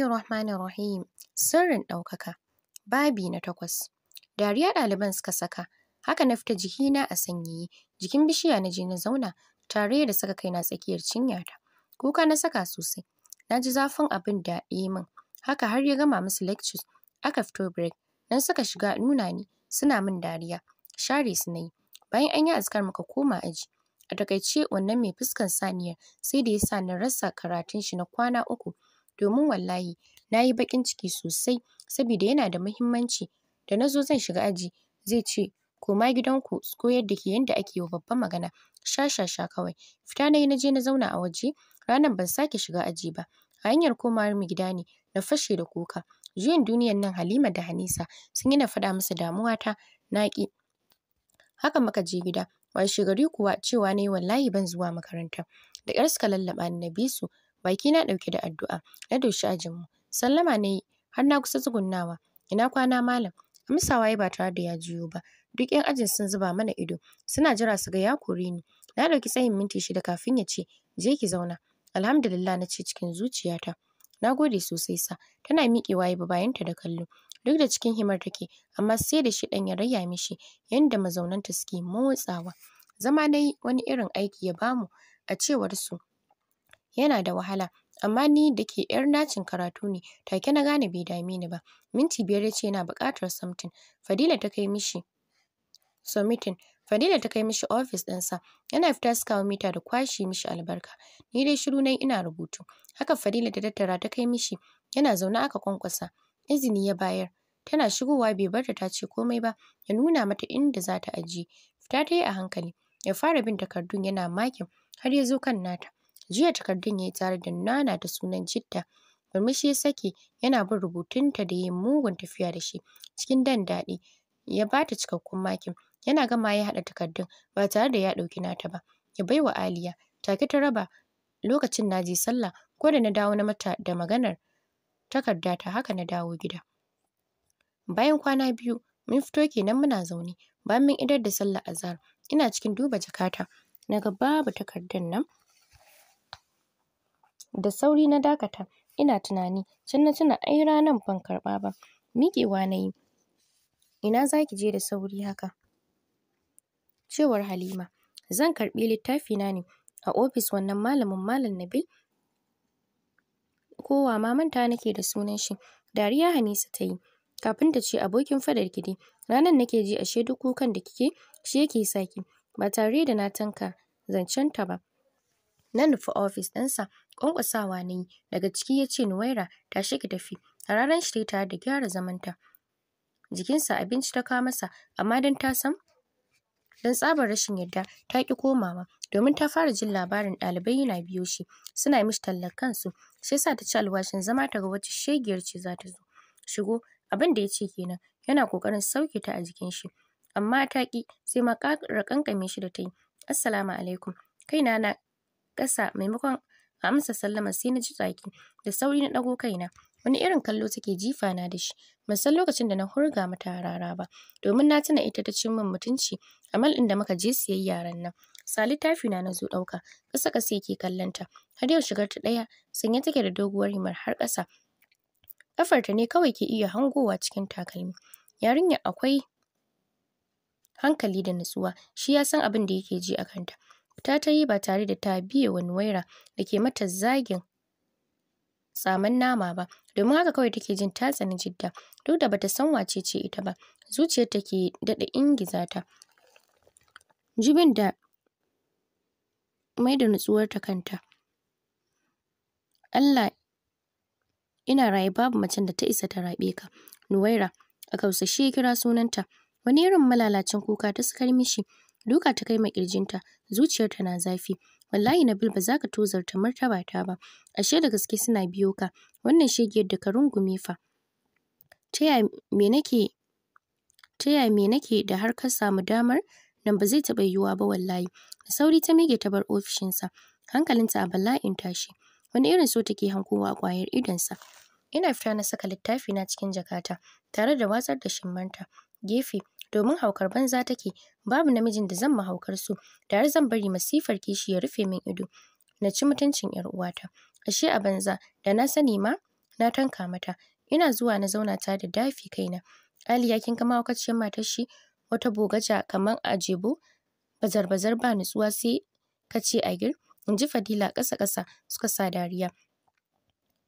Bismillahirrahmanirrahim. Sirrin ɗaukaka. Babi na takwas. Dariya ɗaliban suka saka, haka na fita jikina a sanyi, jikin bishiya na je na zauna, tare da saka kai na tsakiyar cinya ta. Kuka na saka sosai, na ji zafin abin da ya min, haka har ya gama musu lectures, aka fito break, nan suka shiga nuna ni, suna min dariya, share su na yi. Bayan an yi azkar muka koma aji. A takaice wannan mai fuskan saniyar sai da ya sa na rasa karatun shi na kwana uku. domin wallahi na yi baƙin ciki sosai saboda yana da muhimmanci da na zo zan shiga aji zai ce koma gidanku su koyar da ke yadda ake wa babba magana sha sha kawai fita na yi na je na zauna a waje ranar ban sake shiga aji ba a hanyar komawar mu gida ne na fashe da kuka juyin duniyan nan Halima da Hanisa sun yi na faɗa musu damuwata na ƙi haka muka je gida washegari kuwa cewa na yi wallahi ban zuwa makaranta da ƙyar suka lallaɓa ni na bi su baki na ɗauke da addu'a na doshi ajinmu sallama na yi har na kusa tsugunnawa ina kwana malam amsawa ya ba tare da ya juyo ba duk yan ajin sun zuba mana ido suna jira su ga ya kore ni na ɗauki tsayin minti shida kafin ya ce je ki zauna alhamdulillah na ce cikin zuciyata na gode sosai sa tana miƙewa ya ba bayanta da kallo duk da cikin himar take amma sai da shi ɗan ya raya mishi yanda mazaunanta suke motsawa zama na yi wani irin aiki ya bamu a cewar su yana da wahala amma ni da ke ‘yar nacin karatu ne take na gane bai dame ni ba. Minti biyar ya ce yana buƙatar something. Fadila ta kai mishi submitting. Fadila ta kai mishi ofis ɗinsa. Yana fita su kawo mita da kwashe mishi albarka. Ni dai shiru na ina rubutu. Haka Fadila ta tattara ta kai mishi. Yana zaune aka kwankwasa. Izini ya bayar. Tana shigowa bai barta ta ce komai ba. Ya nuna mata inda za ta ajiye. Fita ta yi a hankali. Ya fara bin takardun yana makin har ya zo kan nata. Jiya takardun ya yi tare da nana da sunan Jidda. Murmushi ya sake yana bin rubutunta da yin mugun tafiya da shi cikin dan daɗi. Ya ba ta cikakkun makin. Yana gama ya haɗa takardun ba tare da ya ɗauki nata ba. Ya bai wa Aliya. Take ta raba lokacin na je sallah ko da na dawo na mata da maganar takarda ta haka na dawo gida. Bayan kwana biyu mun fito kenan muna zaune bayan mun idar da sallar azahar ina cikin duba jakata na ga babu takardun nan Da sauri na dakata, ina tunani, can na tuna ai ranan ban karɓa ba. Miƙewa na yi. Ina za ki je da sauri haka? Cewar Halima. Zan karɓi na ne a ofis wannan malamin Malam Nabil. Kowa ma manta nake da sunan shi. Dariya Hanisa ta yi. Kafin ta ce abokin fadar ki dai, ranan nake ji ashe duk kukan da kike shi yake saki ba tare da na tanka zancen ta ba. Na nufi ofis ɗinsa, ƙwanƙwasawa na yi, daga ciki ya ce Nuwaira, tashi ki tafi. a ranar shi ta tare da gyara zamanta. Jikinsa abinci ta kawo masa, amma don ta san don tsabar rashin yarda ta ƙi komawa domin ta fara jin labarin ɗalibai yana biyo shi suna mishi tallar kansu shi yasa ta ci alwashin zama ta ga wacce shegiyar ce za ta zo shigo abin da ya ce kenan yana ƙoƙarin sauke ta a jikin shi amma ta ƙi sai ma ƙara ƙanƙame shi da ta yi assalamu alaikum kaina na ƙasa maimakon amsa sallama sai na ji tsaki da sauri na ɗago kaina wani irin kallo take jifa na da shi ban lokacin da na hurga mata rara ba domin na tuna ita ta cin min mutunci a mal'in da muka je siyayya yaran nan sa littafi na na zo ɗauka ƙasa ƙasa yake kallon ta har yau shigar ta ɗaya sanye take da doguwar himar har ƙasa ƙafarta ne kawai ke iya hangowa cikin takalmi yarinyar akwai hankali da nutsuwa shi ya san abin da yake ji a kanta ta ta yi ba tare da ta biye wa Nuwaira da ke mata zagin tsaman nama ba domin haka kawai take jin ta tsani jidda duk da bata san wace ce ita ba zuciyar ta ke daɗa ingiza ta jibin da mai da nutsuwar ta kanta Allah ina raye babu macen da ta isa ta raɓe ka Nuwaira a kausashe ya kira sunanta wani irin malalacin kuka ta sukar mishi Duka ta kai ma ƙirjinta, zuciyarta na zafi. Wallahi Nabil ba za ka tozarta martabata ba. Ashe da gaske suna biyo ka. Wannan shegiyar da ka rungume fa. Ta ya me nake ta me nake da har ka samu damar nan ba zai taɓa yiwuwa ba wallahi. Da sauri ta mige ta bar ofishinsa. Hankalinta a bala'in tashi. Wani irin so take hankowa a ƙwayar idonsa. Ina fita na saka littafina cikin jakata tare da watsar da shimmanta. Gefe domin haukar banza take babu namijin da zan mahaukar su da har zan bari masifar kishi ya rufe min ido na ci mutuncin yar uwata ashe a banza da na sani ma na tanka mata ina zuwa na zauna ta da dafi kaina aliya kin ga mahaukaciyar matar shi wata bogaja kaman a jebo bazar bazar ba nutsuwa sai ka ce a gir in ji fadila ƙasa ƙasa suka sa dariya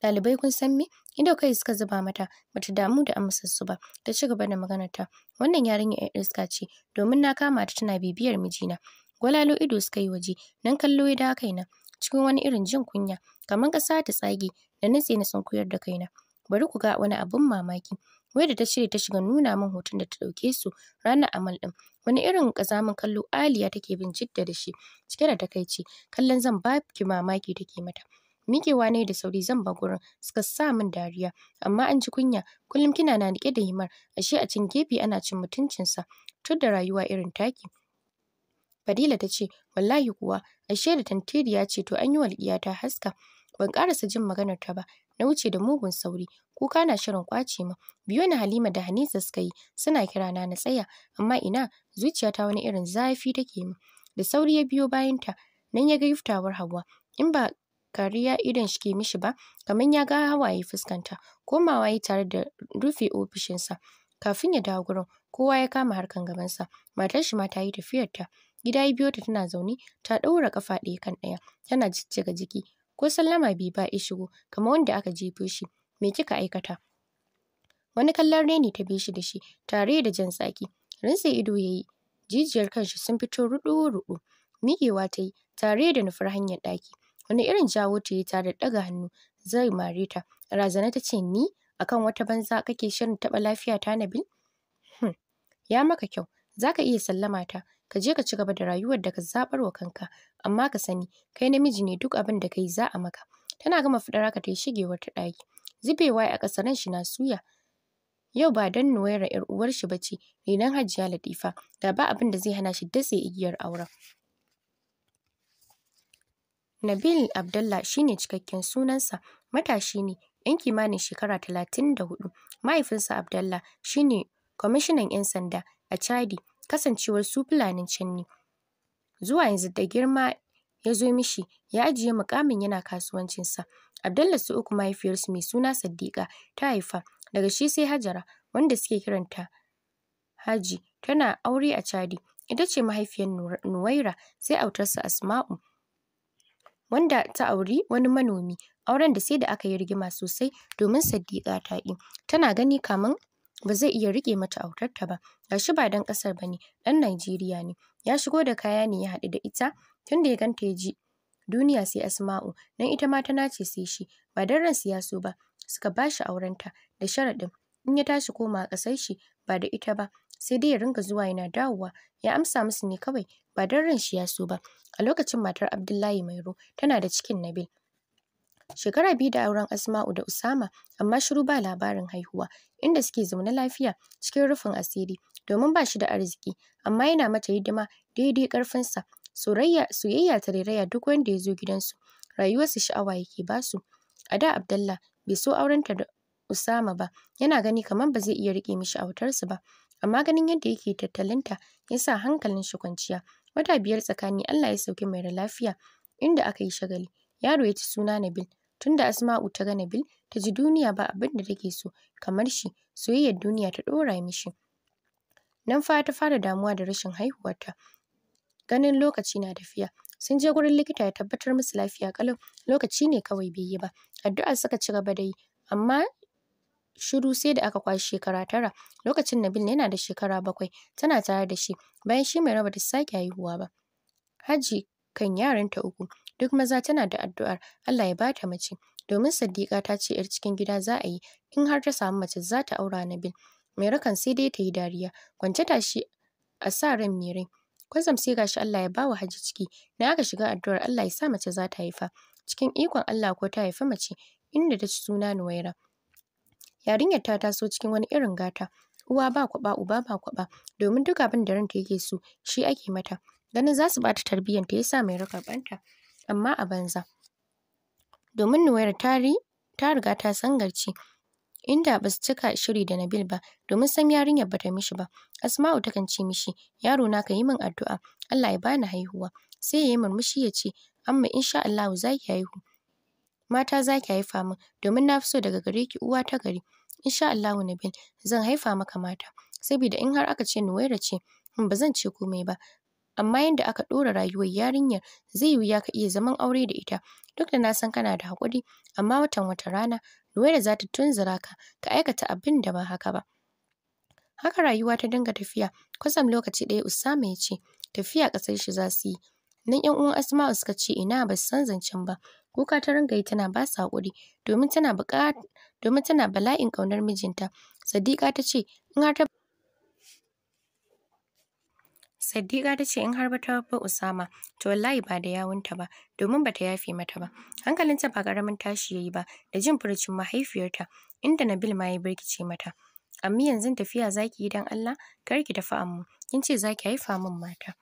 dalibai kun san me ido kai suka zuba mata bata damu da su ba ta ci gaba da ta wannan yarinya 'yan iska ce domin na kama ta tana bibiyar mijina gwalalo ido suka yi waje nan kallo ya dawo kaina cikin wani irin jin kunya kamar ƙasa ta tsage da nutse na sunkuyar da kaina bari ku ga wani abun mamaki wai da ta shirya ta shiga nuna min hoton da ta ɗauke su ranar amal ɗin wani irin ƙazamin kallo aliya take bin jidda da shi cike da takaici kallon zan ba ki mamaki take mata miƙewa nayi da sauri zan ba gurin suka sa min dariya amma an ji kunya kullum kina na riƙe da himar ashe a cin gefe ana cin mutuncinsa tur da rayuwa irin taki Fadila ta ce wallahi kuwa ashe da tantiriya ce to an yi walƙiya ta haska ban ƙarasa jin maganar ta ba na wuce da mugun sauri kuka na shirin kwace mu biyo na Halima da hanisa suka yi suna kira na na tsaya amma ina zuciyata wani irin zafi take min da sauri ya biyo bayanta nan ya ga yuftawar hawa? in ba kariya idon shi ke mishi ba kamar ya ga hawaye fuskanta komawa yi tare da rufe ofishinsa kafin ya dawo gurin kowa ya kama harkan gabansa matar shi ma ta yi tafiyarta gida ya biyo ta tana zaune ta ɗaura ƙafa ɗaya kan ɗaya tana jijjiga jiki ko sallama bai ba ya shigo kamar wanda aka jefo shi me kika aikata wani kallon reni ta bi shi da shi tare da jan tsaki rinse ido yayi jijiyar kanshi sun fito ruɗu-ruɗu miƙewa ta yi tare da nufar hanyar ɗaki wani irin jawo ta yi tare da ɗaga hannu zai mare ta razana ta ce ni akan wata banza kake shirin taɓa lafiya ta Nabil hmm. ya maka kyau za ka iya sallama ta ka je ka ci gaba da rayuwar da ka zabar wa kanka amma ka sani kai namiji ne duk abin da yi za a maka tana gama fadar ka ta yi shigewar ta ɗaki zubewa a ƙasa ran shi na suya yau ba dan Nuwaira ‘yar uwar shi bace, renon Hajiya Latifa, da ba abin da zai hana shi datse igiyar auren. Nabil abdullah shi ne cikakken sunansa, matashi ne, ɗan kimanin shekara talatin da hudu. Mahaifinsa abdullah shine kwamishinan 'yan sanda a Chadi, kasancewar su Fulanin can Zuwa yanzu da girma ya zo mishi, ya ajiye mukamin yana kasuwancinsa. abdullah su uku mahaifiyarsu mai suna sadiqa ta haifa, daga shi sai Hajara, wanda suke kiranta Haji, tana aure a Chadi. Ita ce mahaifiyar Nuwaira, sai autarsa Asma'u. wanda ta auri wani manomi auren da sai da aka yi rigima sosai domin Saddiƙa ta ƙi tana gani kaman ba zai iya riƙe mata autarta ba Ga shi ba dan ƙasar bane ɗan Najeriya ne ya shigo da kaya ne ya haɗu da ita tunda ya ganta ya ji duniya sai Asma'u nan ita ma ta nace sai shi ba dan ransu ya ba suka bashi aurenta da sharaɗin in ya tashi komawa ƙasar shi ba da ita ba sai dai ya ringa zuwa yana dawowa ya amsa musu ne kawai ba don ran shi ya so ba a lokacin matar Abdullahi Mairo tana da cikin Nabil shekara biyu da auren Asma'u da Usama amma shiru ba labarin haihuwa inda suke zaune lafiya cikin rufin asiri domin ba shi da arziki amma yana mata hidima daidai ƙarfinsa soyayya ta rairaya duk wanda ya zo gidansu rayuwarsu sha'awa yake basu a da Abdallah bai so aurenta da Usama ba yana gani kamar ba zai iya rike mishi autarsu ba amma ganin yadda yake tattalinta ya sa hankalin shi kwanciya wata biyar tsakani Allah ya sauke mai da lafiya inda aka yi shagali yaro ya ci suna Nabil tunda Asma'u ta ga Nabil ta ji duniya ba abin da take so kamar shi soyayyar duniya ta ɗora mishi nan fa ta fara damuwa da rashin haihuwarta ganin lokaci na tafiya sun je gurin likita ya tabbatar musu lafiya kalau lokaci ne kawai bai yi ba addu'a suka ci gaba da yi amma shiru sai da aka kwashe shekara tara lokacin Nabil yana da shekara bakwai tana tare da shi bayan shi mai raba da sake haihuwa ba Haji kan yaranta uku duk maza tana da addu'ar Allah ya bata mace domin Saddiqa ta ce yar cikin gida za a yi in har ta samu mace za ta aura Nabil mai rakan sai dai ta yi dariya kwance shi a sa ran mai rai kwazam sai gashi Allah ya bawa Haji ciki na aka shiga addu'ar Allah ya sa mace za ta haifa cikin ikon Allah ko ta haifa mace inda ta ci suna Nuwaira Yarinyar ta taso cikin wani irin gata. Uwa ba kwaba uba ba kwaba domin duk abin da ranta yake so shi ake mata. Ganin za su ɓata ta ya sa mai rakabanta amma a banza. Domin Nuwayar ta ta riga ta sangarce. inda basu su cika shiri da Nabil ba domin san yarinyar bata mishi ba. Asma'u takan ce mishi, "Yaro na ka yi min addu'a, Allah ya bani haihuwa." Sai ya yi murmushi ya ce, "Amma insha Allahu za ki haihu." mata za ki haifa min domin na fi so daga gare ki uwa ta gari insha Allahu bin zan haifa maka mata saboda in har aka ce Nuwaira ce in hmm, ba zan ce komai ba amma yadda aka ɗora rayuwar yarinyar zai wuya ka iya zaman aure da ita duk da na san kana da haƙuri amma watan wata rana Nuwaira za ta tunzura ka ka aikata abin da ba haka ba haka rayuwa ta dinga tafiya kwasam lokaci ɗaya Usama ya ce tafiya ƙasar shi za su yi nan 'yan uwan Asma'u suka ce ina ba san zancen ba Kuka ta rangayi tana ba su haƙuri domin tana buƙa domin tana bala'in ƙaunar mijinta. Sadiqa ta ce in har ta Sadiqa ta ce in har ba ta bi Usama to wallahi ba da yawunta ba domin ba ta yafe mata ba. Hankalinta ba karamin tashi ya yi ba da jin furucin mahaifiyarta inda Nabil ma ya birkice mata. amma yanzu tafiya zaki yi don Allah kar ki tafi amma kin ce zaki haifa min mata.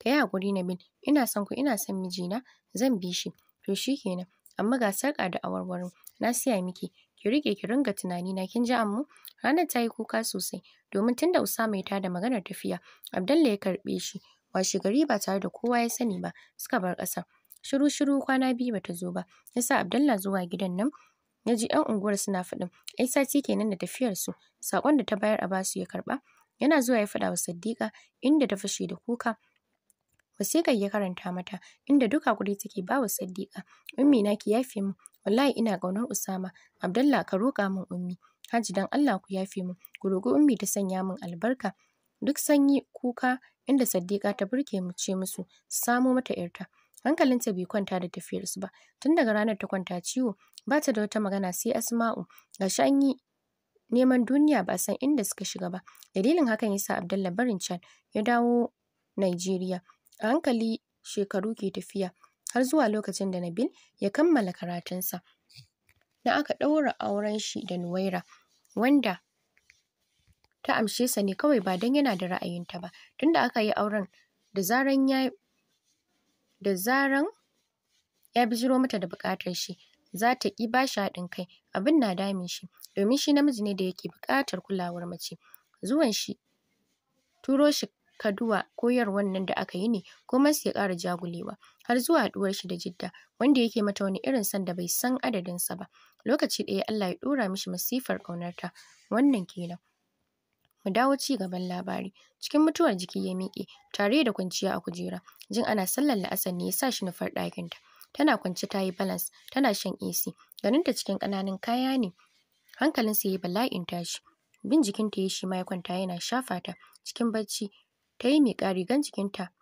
kayi hakuri na Nabil ina son ku ina son mijina zan bi shi To shi kenan. Amma ga sarƙa da awarwarin na siya miki. Ki rike ki ringa tunani na kin ji amma Ranar ta yi kuka sosai domin tun da Usama ya tada maganar tafiya, Abdallah ya karbe shi. Washe gari ba tare da kowa ya sani ba suka bar ƙasa Shiru shiru kwana biyu bata zo ba. yasa sa Abdallah zuwa gidan nan ya ji 'yan unguwar suna faɗin ai sati kenan da tafiyar su saƙon da ta bayar a basu ya karba yana zuwa ya faɗa wa Saddiqa inda ta fashe da kuka wasiƙar ya karanta mata inda duka guri take ba wa Siddiƙa ummi na ki yafe mu wallahi ina ƙaunar Usama Abdallah ka roƙa min ummi Haji dan Allah ku yafe mu ku roƙi ummi ta sanya min albarka duk sanyi kuka inda Saddiƙa ta burke mu ce musu samo mata ‘yarta. Hankalinta bai kwanta da tafiyar su ba, tun daga ranar ta kwanta ciwo, ba ta da wata magana sai Asma'u, ga shi an yi neman duniya ba san inda suka shiga ba. Dalilin hakan yasa Abdallah barin can ya dawo Najeriya. A hankali shekaru ke tafiya har zuwa lokacin da Nabil ya kammala karatunsa da aka ɗaura auren shi da Nuwaira wanda ta amshe sa ne kawai ba dan yana da ra'ayinta ba. Tunda aka yi auren da zaran ya da zaran ya bijiro mata da buƙatar shi za ta ƙi ba shi haɗin kai abin na damin shi domin shi namiji ne da yake buƙatar kulawar mace. Zuwan shi turo shi Kaduwa koyarwan nan da aka yi ne komarsu ya ƙara jagulewa har zuwa haɗuwar shi da Jidda wanda yake mata wani irin son da bai san adadin sa ba. Lokaci ɗaya Allah ya ɗora mishi masifar ƙaunarta. Wannan kenan Mu dawo ci gaban labari. Cikin mutuwar jiki ya miƙe tare da kwanciya a kujera. Jin ana sallar la'asar ne ya sa shi nufar ɗakinta. Tana kwance tayi yi balance, tana shan AC. Ganinta cikin ƙananan kaya ne. Hankalinsa ya yi bala'in tashi. Bin jikinta ya shi ma ya kwanta yana shafa ta. Cikin barci. ta yi miƙa rigan jikinta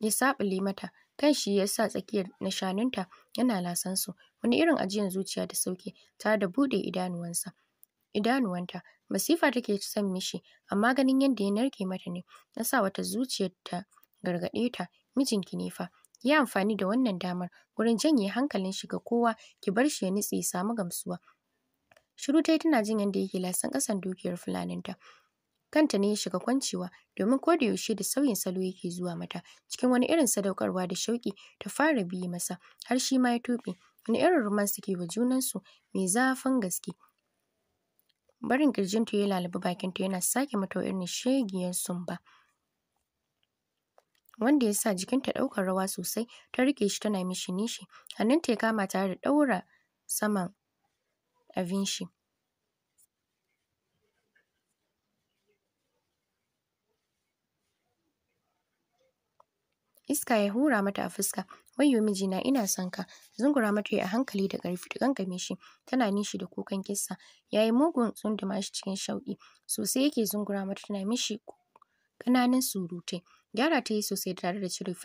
ya saɓule mata kan shi ya sa tsakiyar nishaninta yana lasan su wani irin ajiyar zuciya da sauke ta da buɗe idanuwansa idanuwanta masifa take son mishi amma ganin yadda ya narke mata ne Na sa wata zuciyar ta gargaɗe ta mijinki ne fa yi amfani da wannan damar wurin janye hankalin shi ga kowa ki bar shi ya nutse ya samu gamsuwa shiru yi tana jin yadda yake lasan ƙasan dukiyar fulaninta Kanta ne ya shiga kwancewa domin ko da yaushe da sauyin salo yake zuwa mata cikin wani irin sadaukarwa da shauƙi ta fara biye masa har shi ma ya tuɓe. Wani irin ruman suke wa junansu mai zafin gaske. Barin ta ya lalubi bakinta yana sake mata irin shegiyar sumba. Wanda ya sa jikinta ɗaukar rawa sosai ta rike shi tana mishi nishi. Hannunta ya kama tare da ɗaura saman abin shi. iska ya hura mata a fuska wayyo mijina ina son ka zungura mata a hankali da ƙarfi ta gangame shi tana nishi da kukan kissa yayi mugun tsunduma shi cikin shauƙi sosai yake zungura mata tana mishi ƙananan surutai gyara ta yi sosai tare da cire